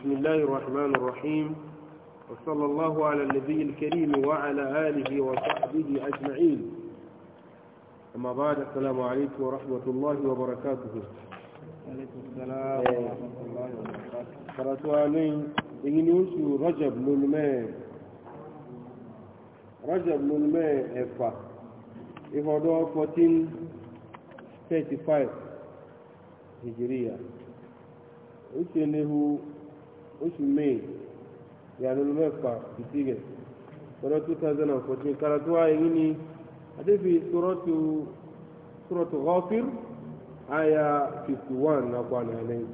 بسم الله الرحمن الرحيم وصلى الله على النبي الكريم وعلى آله وصحبه أجمعين أما بعد السلام عليكم ورحمة الله وبركاته عليكم السلام إيه. ورحمة الله وبركاته فراتواني إن يوسف رجب للماء رجب للماء إفا إفا دو 1435 هجرية إسنه oṣù may ìyàlónú mẹ́fà fìtí rẹ̀ ọdún two thousand karatu wa èyí ni adébí sọ́rọ́tù sọ́rọ́tù Ghafir aya fifty one nàkọ́ nílẹ̀.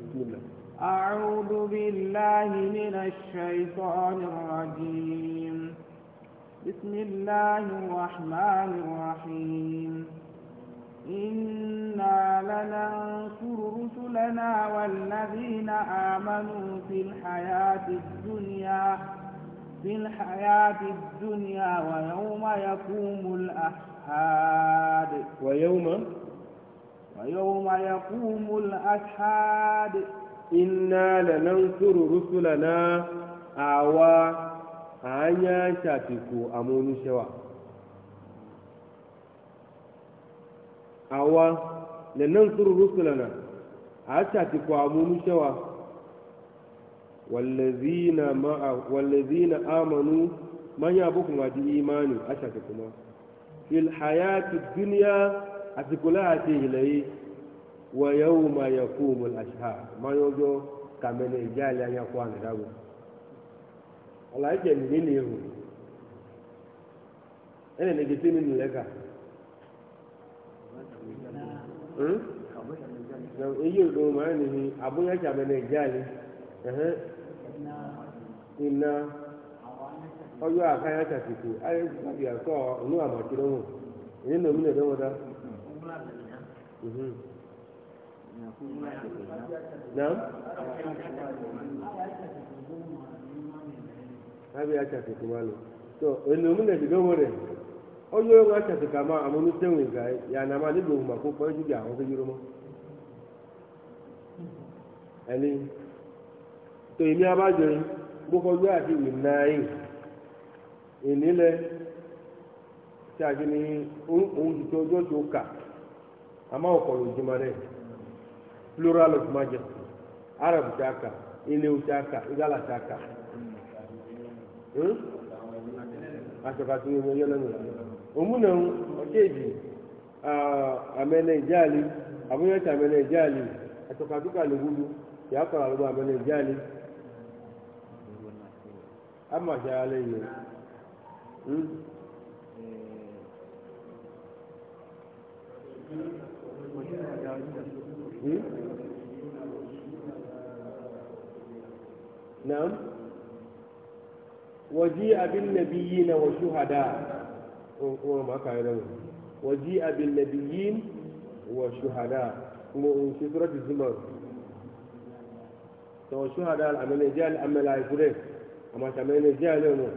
أعوذ بالله من الشيطان الرجيم بسم الله الرحمن الرحيم إنا لننصر رسلنا والذين آمنوا في الحياة الدنيا في الحياة الدنيا ويوم يقوم الأشهاد ويوم ويوم يقوم الأشهاد إنا لننصر رسلنا أعوى أعيا شاتكو أمون شوى awa lanansuru rusulana a catiku amunu cewa wallazina ma'a wallazina amanu man ya bukun adi imani a catiku ma fil hayati duniya a tikula a ce hilayi wa yau ma ya kumul asha ma yojo kamene ijali an ya kuwa ala ake nini ne ihu ene ne gitini nileka èyí ò lóun máa ń nìyí àbúyájà mi nàìjíríà iná ọjọ́ àkáyà tàkìtì ayé ti tàbí àkọ́ inú àmàkí lọ́wọ́ èyí nà mí lọ́wọ́ dá. Nam? Abi ya máa lò. Tó ènìyàn mi na dìgbò onye onwe achasị ka ma amụmite nwe ga ya na amadị bụ ma ụkpọ eji ga ahụ gịrị mọ ẹni tó èmi abájọ yìí gbókọ gbé àti ìnáyì ìnílẹ̀ tí a kì ní òun ti tó ọjọ́ tó kà plural of majesty arab tí a kà ilé tí a kà igala omunan okeji amene ijali abuyata amene ijali atokatuka lugudu yakola lugu amene ijali ama jale yo hmm? hmm? نعم وجيء بالنبيين والشهداء wọn ma ka yẹrẹ wọn wa ji abi nabiyin wa shuhada kuma n ṣe sọrọ ti zuma tọ shuhada amẹnẹ jẹ ama samẹnẹ jẹ alẹ wọn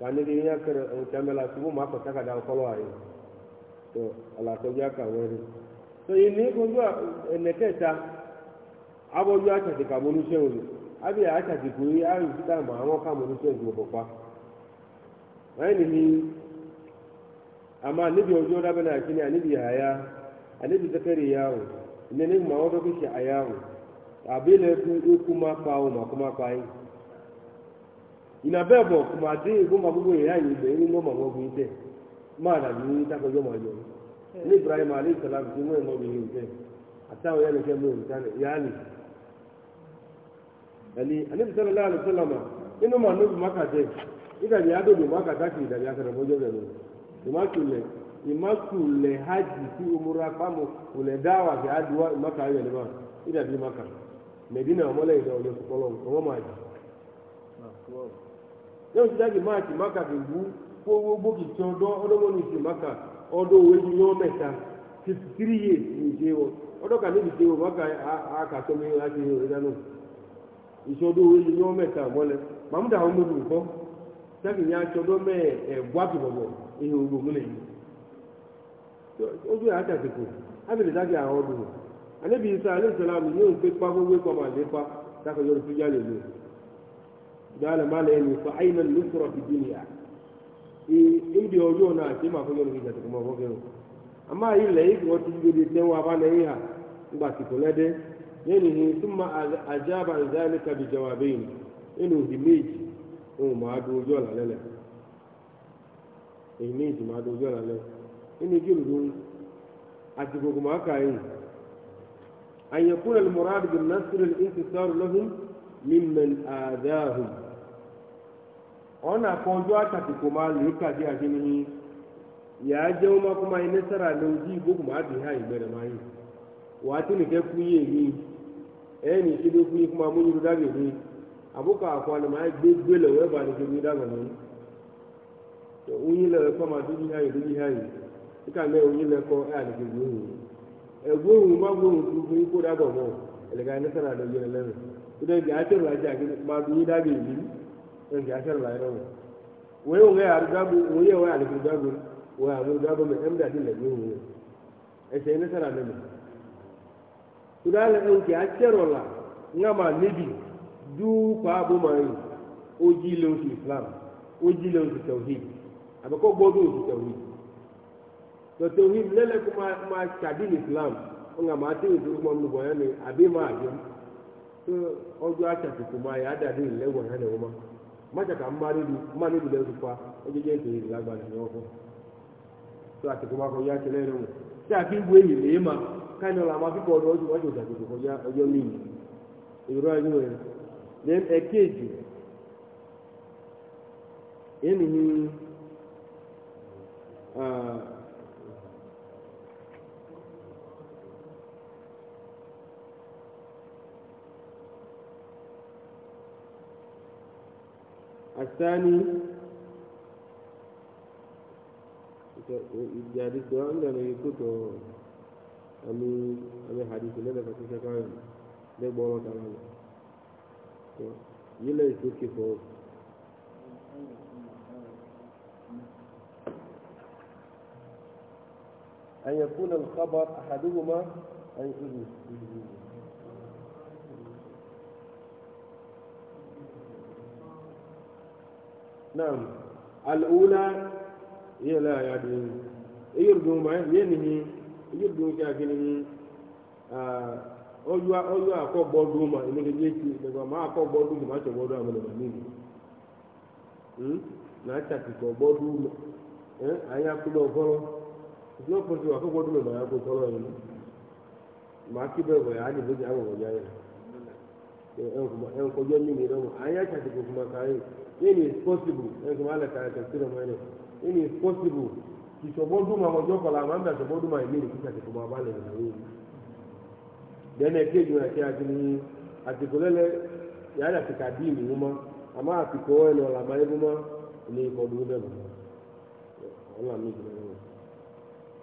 ka ne kẹrẹ ọ samẹlẹ sugu ma kọ saka ayé tọ ka wẹrẹ tọ yìí ní kojú ẹnẹkẹta abọjú àtàtì kàmọnú sẹwọn abi àtàtì kùrí ayélujára mọ àwọn sẹwọn wọn amma annabi ojo da bana kini annabi haya annabi zakari yawo ne ne ma wato kishi a yawo abele ku kuma pawo ma kuma pai ina bebo kuma de goma gugu ya yi be ni mo ma wo bi de ma da ni ta ko yo ma yo ni ibrahim alayhi salam ti mo mo bi ni de ata o ya ne ke mo ta ne ya ni ali annabi sallallahu alaihi wasallam inu ma no bi maka de ida ya do bi maka ta ki da ya ka da bojo de imakule ule haji si umura famu ule dawa fi aduwa imaka ayo ni ma ida bi maka medina omole ida ole sukolo omo ma ji yóò ti dájú máàkì máka fi wú kó owó gbòógì tí ọdọ ọdọwọ ní ìsìn máka ọdọ òwe ní yọ mẹta fifty three years ní ìṣe wọn ọdọ kà níbi ìṣe ihe ugbo mụ na-eyi ojú àti àsìkò ábìlì dájú àwọn ọdún àlébi isa aléṣọlámù yóò gbé pa gbogbo ìpamọ àlépa dákọ yọrọ tó jáde lò dáhùn àmà lẹ́yìn nípa àyìnà ló sọ̀rọ̀ fi dín nìyà ìdí ọjọ́ náà àti màá fọyọ́ lórí ìjàtọ̀ mọ́ fọ́kẹ́rù àmà yìí lẹ́yìn kí wọ́n ti gbé de tẹ́wọ́ abánayé hà nígbà àsìkò lẹ́dẹ́ yẹ́nì ní súnmọ́ àjábà ìdáyẹ̀lẹ́kàbí jọwọ́ àbẹ́yìn nínú ìdí méjì òun máa dún ojú ọ̀là lẹ́lẹ̀ èyí méjì máa dojú ọ̀la lẹ nínú igi òdodo àti gbogbo máa kà yìí àyẹ̀kú ẹ̀ lùmọ̀rọ̀ àdìgbò násìrì ní ti sọ̀rọ̀ lọ́hùn mímẹ́n àdáhùn ọ̀nà àkọ́jọ́ àtàkùkọ̀ máa lè kàdé àti nìyí yàá jẹ́ wọ́n máa kó iná sára lọ ojú ìgbókù máa bì há ìgbẹ́rẹ̀ máa yìí nìkẹ́ kú yé mi yìí àbúkọ̀ àkọ́ tó oyin lẹ lẹkọ ma dúdú hayi dúdú hayi kíkà lẹ oyin lẹkọ ẹ àdìgbò gbóhùn ẹgbóhùn má gbóhùn tó fún ikú dàgbọ̀ mọ́ ẹlẹ́gà ẹ̀ nísàlẹ̀ àdó yẹn lẹ́nu tó dẹ̀ gẹ̀ àtẹ̀rù ajá kí máa dún yín dábì ìlú ẹ̀ gẹ̀ àtẹ̀rù láyé lọ́wọ́ wọ́n yóò wẹ́ àdúgbò wọ́n yóò wẹ́ n'ebi ma o ji Islam ji àbí kó gbọ́dọ̀ òtù tẹ̀wìd tó tẹ̀wìd lẹ́lẹ́kùn máa ṣàdín islam ńgbà máa tí ìlú mọ́ nínú bọ̀ yẹn ni àbí máa jẹ́ tó ọjọ́ àṣàtìkù máa yà á dàdé ìlẹ́wọ̀ yẹn ni wọ́n má má ṣàkà má níbi má níbi lẹ́nu fa ọjọ́ jẹ́ ìlágbára ni wọ́n fọ́ tó máa lẹ́nu wọn tí a fi ma káyọ̀ la máa fi kọ́ ọdún ọdún الثاني jadi doang dan ikut to kami kami hadis ini dapat kita kau dia bolong tangan. Jadi, ini itu kifo أن يكون الخبر أحدهما أن يكون نعم الأولى هي لا يعني يرجو ما ينهي يرجو كأكنه ọjọ́ ọjọ́ àkọ́gbọ́dún mà inú kejì ti ìgbà máa àkọ́gbọ́dún mà ṣe gbọ́dún àwọn ọmọ mi nìyí náà ṣàtìkọ́ gbọ́dún mà ẹ̀yìn akúlọ̀ fọ́lọ́. ìṣòro kò sí wà fún gbọdúmọ̀ màá kó sọ́rọ̀ yẹn lọ màá kí bẹ́ẹ̀ bọ̀yà á lè lóde àwọn ọ̀gá yẹn ẹnkọ jẹ́ mímì lọ́wọ́ àyà ṣàtìkù fún màkàrí yẹn is possible ẹnkọ máa lẹ̀ kàrẹ̀ kẹ̀kẹ́ lọ́mọ yẹn yẹn is possible ìṣọ̀bọ́dún màá ọjọ́ kọlá àwọn àmì àṣọ̀bọ́dún màá ìbéèrè kí ṣàtìkù máa bá lẹ̀ lọ́wọ́ yẹn. dẹ́nẹ̀ kéjì wọn àti àti ní àtìkù lẹ́lẹ́ yàrá àti kàdí ìlú mọ́ àmọ́ àtìkù ọ̀rẹ́ ni ọ̀làmáyé mọ́ ní ìkọ̀dún bẹ́ẹ̀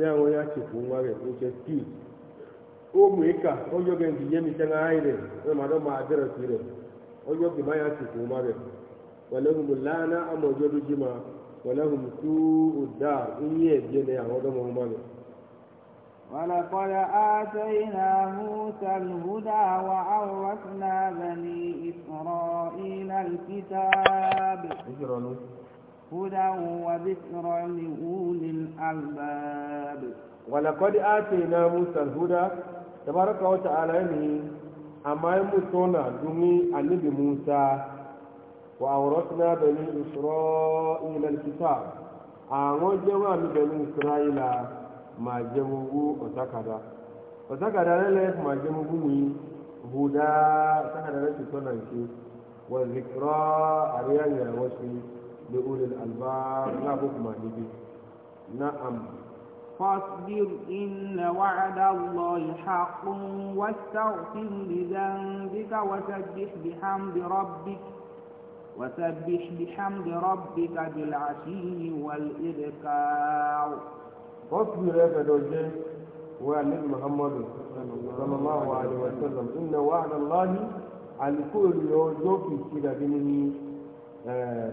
ya nwe ya chefu nwa gị nke stil ụmụ ịka onye oge nji nye miche mmadụ ma adịrịsị ire onye oge ma ya chefu nwa gị walehum lana amojodu jima walehum suu da inye ebie na ya ọdọ nwa gị ولقد آتينا موسى الهدى وأورثنا بني إسرائيل الكتاب هدى وذكرى لأولي الألباب ولقد آتينا موسى الهدى تبارك وتعالى أما يموتون دمي أن موسى وأورثنا بني إسرائيل الكتاب àwọn jẹ́wọ́ àmì bẹ̀rù ìsìráìlà máa jẹ́wọ́gbó ọ̀sákàdá ọ̀sákàdá lẹ́lẹ́ máa jẹ́wọ́gbó mi hùdá ọ̀sákàdá lẹ́sìtọ́ náà ṣe wọ̀n zikirọ́ àríyànjẹ́ wọ́n ṣe لأولي الألباب لا بكم به نعم فاصبر إن وعد الله حق واستغفر لذنبك وسبح بحمد ربك وسبح بحمد ربك بالعشي والإذكار فاصبر يا فدوجه والنبي محمد صلى الله عليه وسلم إن وعد الله على كل يوم في كده بني آه،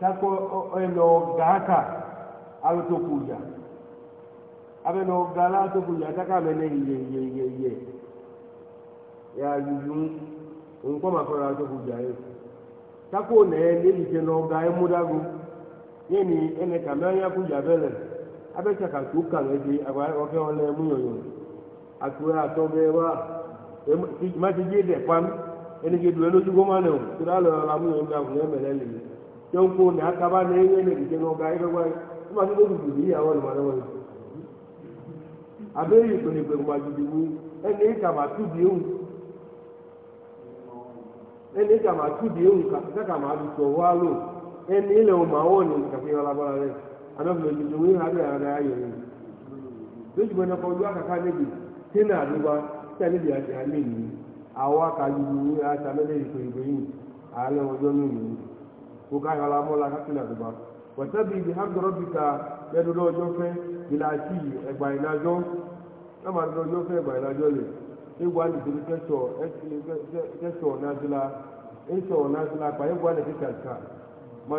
takò ɛlɔ gàákà alòtò kùdà ya gàlà alòtò kùdà takà mɛ nɛ yeyeyeye yà yuyun nkpɔmà kɔlà alòtò kùdà ya takò nɛ léyìí tɛ nɔ ya ya yéni ɛnɛ kàmɛ ayé kùdà bɛ ya tó ń kó ní akaba ní ewé lè dìde ní ọgá ẹgbẹ́ wáyé wọ́n máa tó tó dùdù yìí àwọn ìmọ̀lẹ́ wọn yìí. àbẹ́yẹ ìpèlè pẹ̀lú máa dùdù wú ẹni ìkà máa túbi ewu ẹni ìkà máa túbi ewu kàkà ọwọ́ ẹni ọmọ àwọn ọ̀nà dùdù wú ayọ̀ yìí. kọ́ kuka ha mola hakila duba wasabi bi hamdi rabbika yadu lojo fe bilati egba inajo ama lojo fe egba inajo le egwa ni bi keso e pa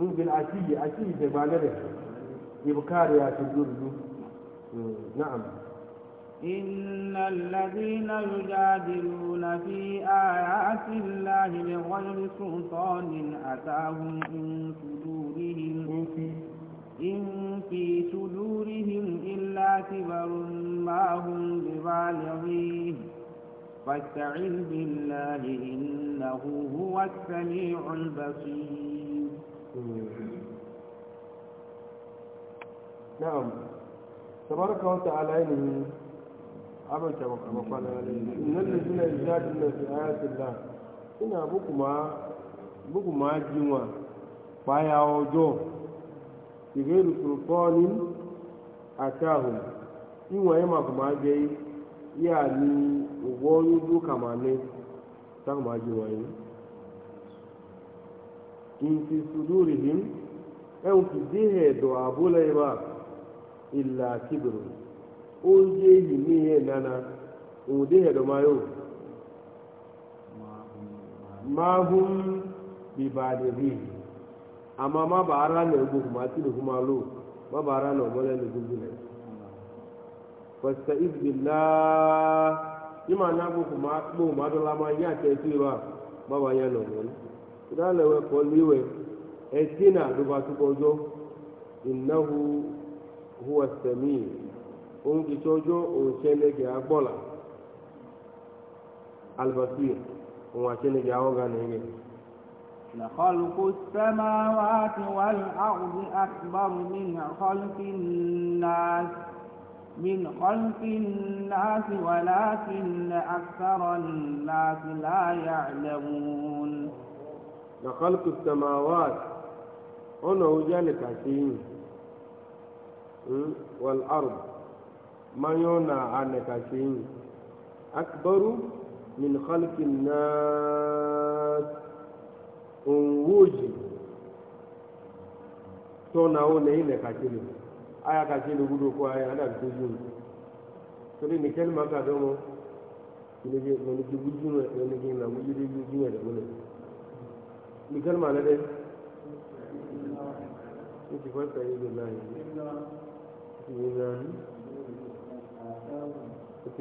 wo bil ati ati de ibkari ya hmm, na'am إن الذين يجادلون في آيات الله بغير سلطان أتاهم إن صدورهم إن في صدورهم إلا كبر ما هم ببالغيه فاستعذ بالله إنه هو السميع البصير نعم تبارك وتعالى amince maka makwana nan da suna izadin da su ayatun da suna buku ma jinwa baya ọjọ́ ìgbèrú sultani àtàhùn ìwọ̀n yẹn màkù máa jẹ yíà ní òwò yóò kàmá ní táwọn máa jinwa yìí nti sudurihim ẹ̀wọ̀n kìí dé ẹ̀dọ̀ àbúlẹ̀ yìí bá ìlà oyi eyi n'ihe nana ụdị hedomayo mahum bibadihi ama mabara na egbu ma tiri kuma lo mabara na ọgbọlẹ na egbu na fasta izbila ima na agbu kuma akpọ madola ma ya ta eti ba baba ya na ala ìdálẹ̀wẹ̀ pụọ léwẹ̀ ẹtí na àdúgbò àtúbọ̀jọ́ ìnáwó huwa sẹ́mìí. òun ti tọ́jú òun ṣẹlẹ̀gẹ̀ agbọ́là albasir òun àṣẹlẹ̀gẹ̀ awọ́gà nìyẹn. لخلق السماوات والأرض أكبر من خلق الناس من خلق الناس ولكن أكثر الناس لا يعلمون لخلق السماوات أنا وجالك عشرين والأرض manyo na anakashe yin akbaru min khalqin na o le ile kakele aya kakele gudu ko aya ada ni ka do mo ni na gudu ji gudu mo de mo ni kelma na de ni ti ko ta yi na yi ni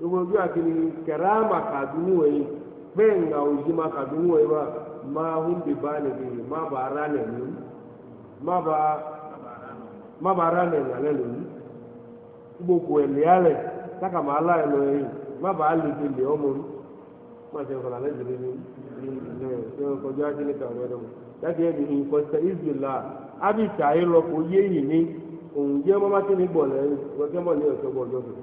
ugonjwa akini karama kaduwe benga uzima kaduwe wa ma hum bi balighi ma barane ni ma ba ma barane ni ale ni gbogbo ẹ̀lẹ́ alẹ̀ saka ma ala ẹ̀lọ yìí ma ba ali bi lè ọmọ mi ma ṣe nǹkan alẹ́ jìnnì ni ní ṣe kọjú akini kàwé ẹ̀dọ̀ mi láti ẹ̀bi ní ìkọsẹ̀ ìzìlá ábí ìtàyè lọ kò yé yìí ní òun jẹ́ mọ́mátì ní gbọ̀lẹ́ wọ́n jẹ́ mọ́ ní ọ̀ṣọ́gbọ̀ ọjọ́ bìí.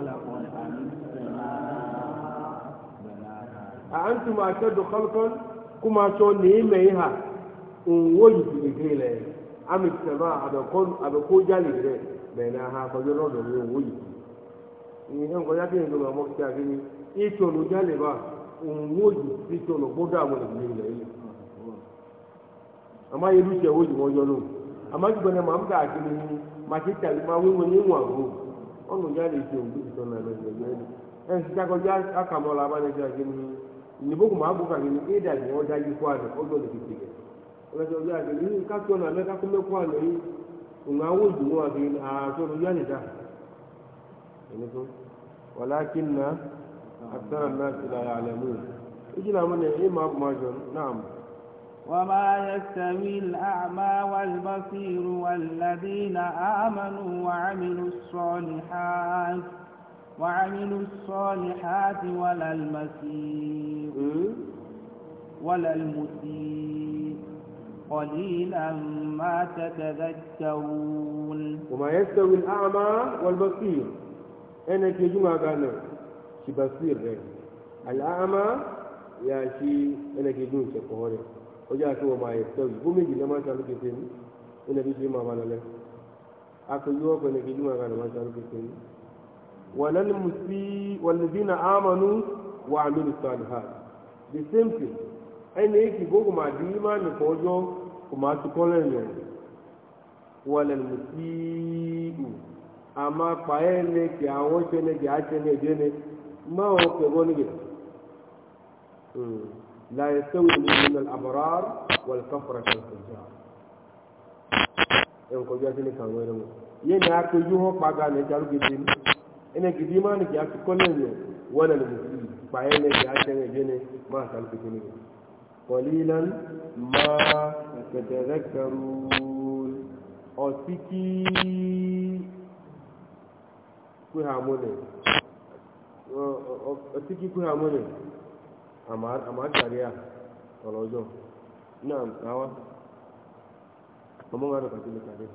خلق أأنتم أشد خلقا كما تون نيميها ووجد إجريلا أم السماء أبقون أبقون جالي بينها فجرنا دمي ووجد ìyẹn a fi ní ètò olùjálè bá òun wòjì sí ètò na àwọn ìlú ilẹ̀ yìí àmọ́ ayélujára wòjì wọn yọ lóhùn àmọ́ jùlọ ọnụ ya na-esi e ogbubito na mezemeli ẹnsitakọjá akamọla abanẹjọ akini ìdìbò kò máa gbókà kini ìdá ìdìbò ọjà ndị kó àná ọjọ lè fi tìgẹ ọlọsọ ọjọ àgbẹ yìí kátó ọ̀nà abẹ kákó mẹkọ àná yìí òun awó ìdùnnú àti ya ọjọ tó ti وما يستوي الأعمى والبصير والذين آمنوا وعملوا الصالحات وعملوا الصالحات ولا المسيء ولا المسيء قليلا ما تتذكرون وما يستوي الأعمى والبصير أنا في جمعة أنا شي بصير الأعمى يا شي أنا في جمعة ọjọ́ àti wọ́n máa yẹ tọ́ yìí bó méjì lẹ́mọ́ sálú kété ní ó lẹ́bi fi máa balẹ̀ lẹ́ akọ̀jú ọ̀pẹ̀ ní kejì máa balẹ̀ sálú kété ní. wàlẹ́ ni musi wàlẹ́bí na amanu wà àmìlú sàlùhà the same thing ẹni èkì bó máa di ìmá nìkan ọjọ́ kò máa ti kọ́ lẹ́yìn rẹ̀ wàlẹ́ ni musi ù àmà pààyẹ́ ní kí àwọn ṣẹ́ni kí á ṣẹ́ni ẹ̀jẹ̀ ni máa ọ̀ pẹ̀ bọ́ níbẹ̀. Hmm. لا يستوي من الأبرار والكفرة والفجار yan ko jati ni kan wele mo ye ni a ko ju ho paga ne jaru gidi ni ene gidi ma ni ja ko le ni wala ni musi pa ye ne ja ni qalilan ma tatadhakkarun o siki ku ha mo ne o siki ku ha mo ne àmàkàríà ọ̀rọ̀jọ́ náà káwá ọmọ wọn rẹ̀ kàtí lè kàrí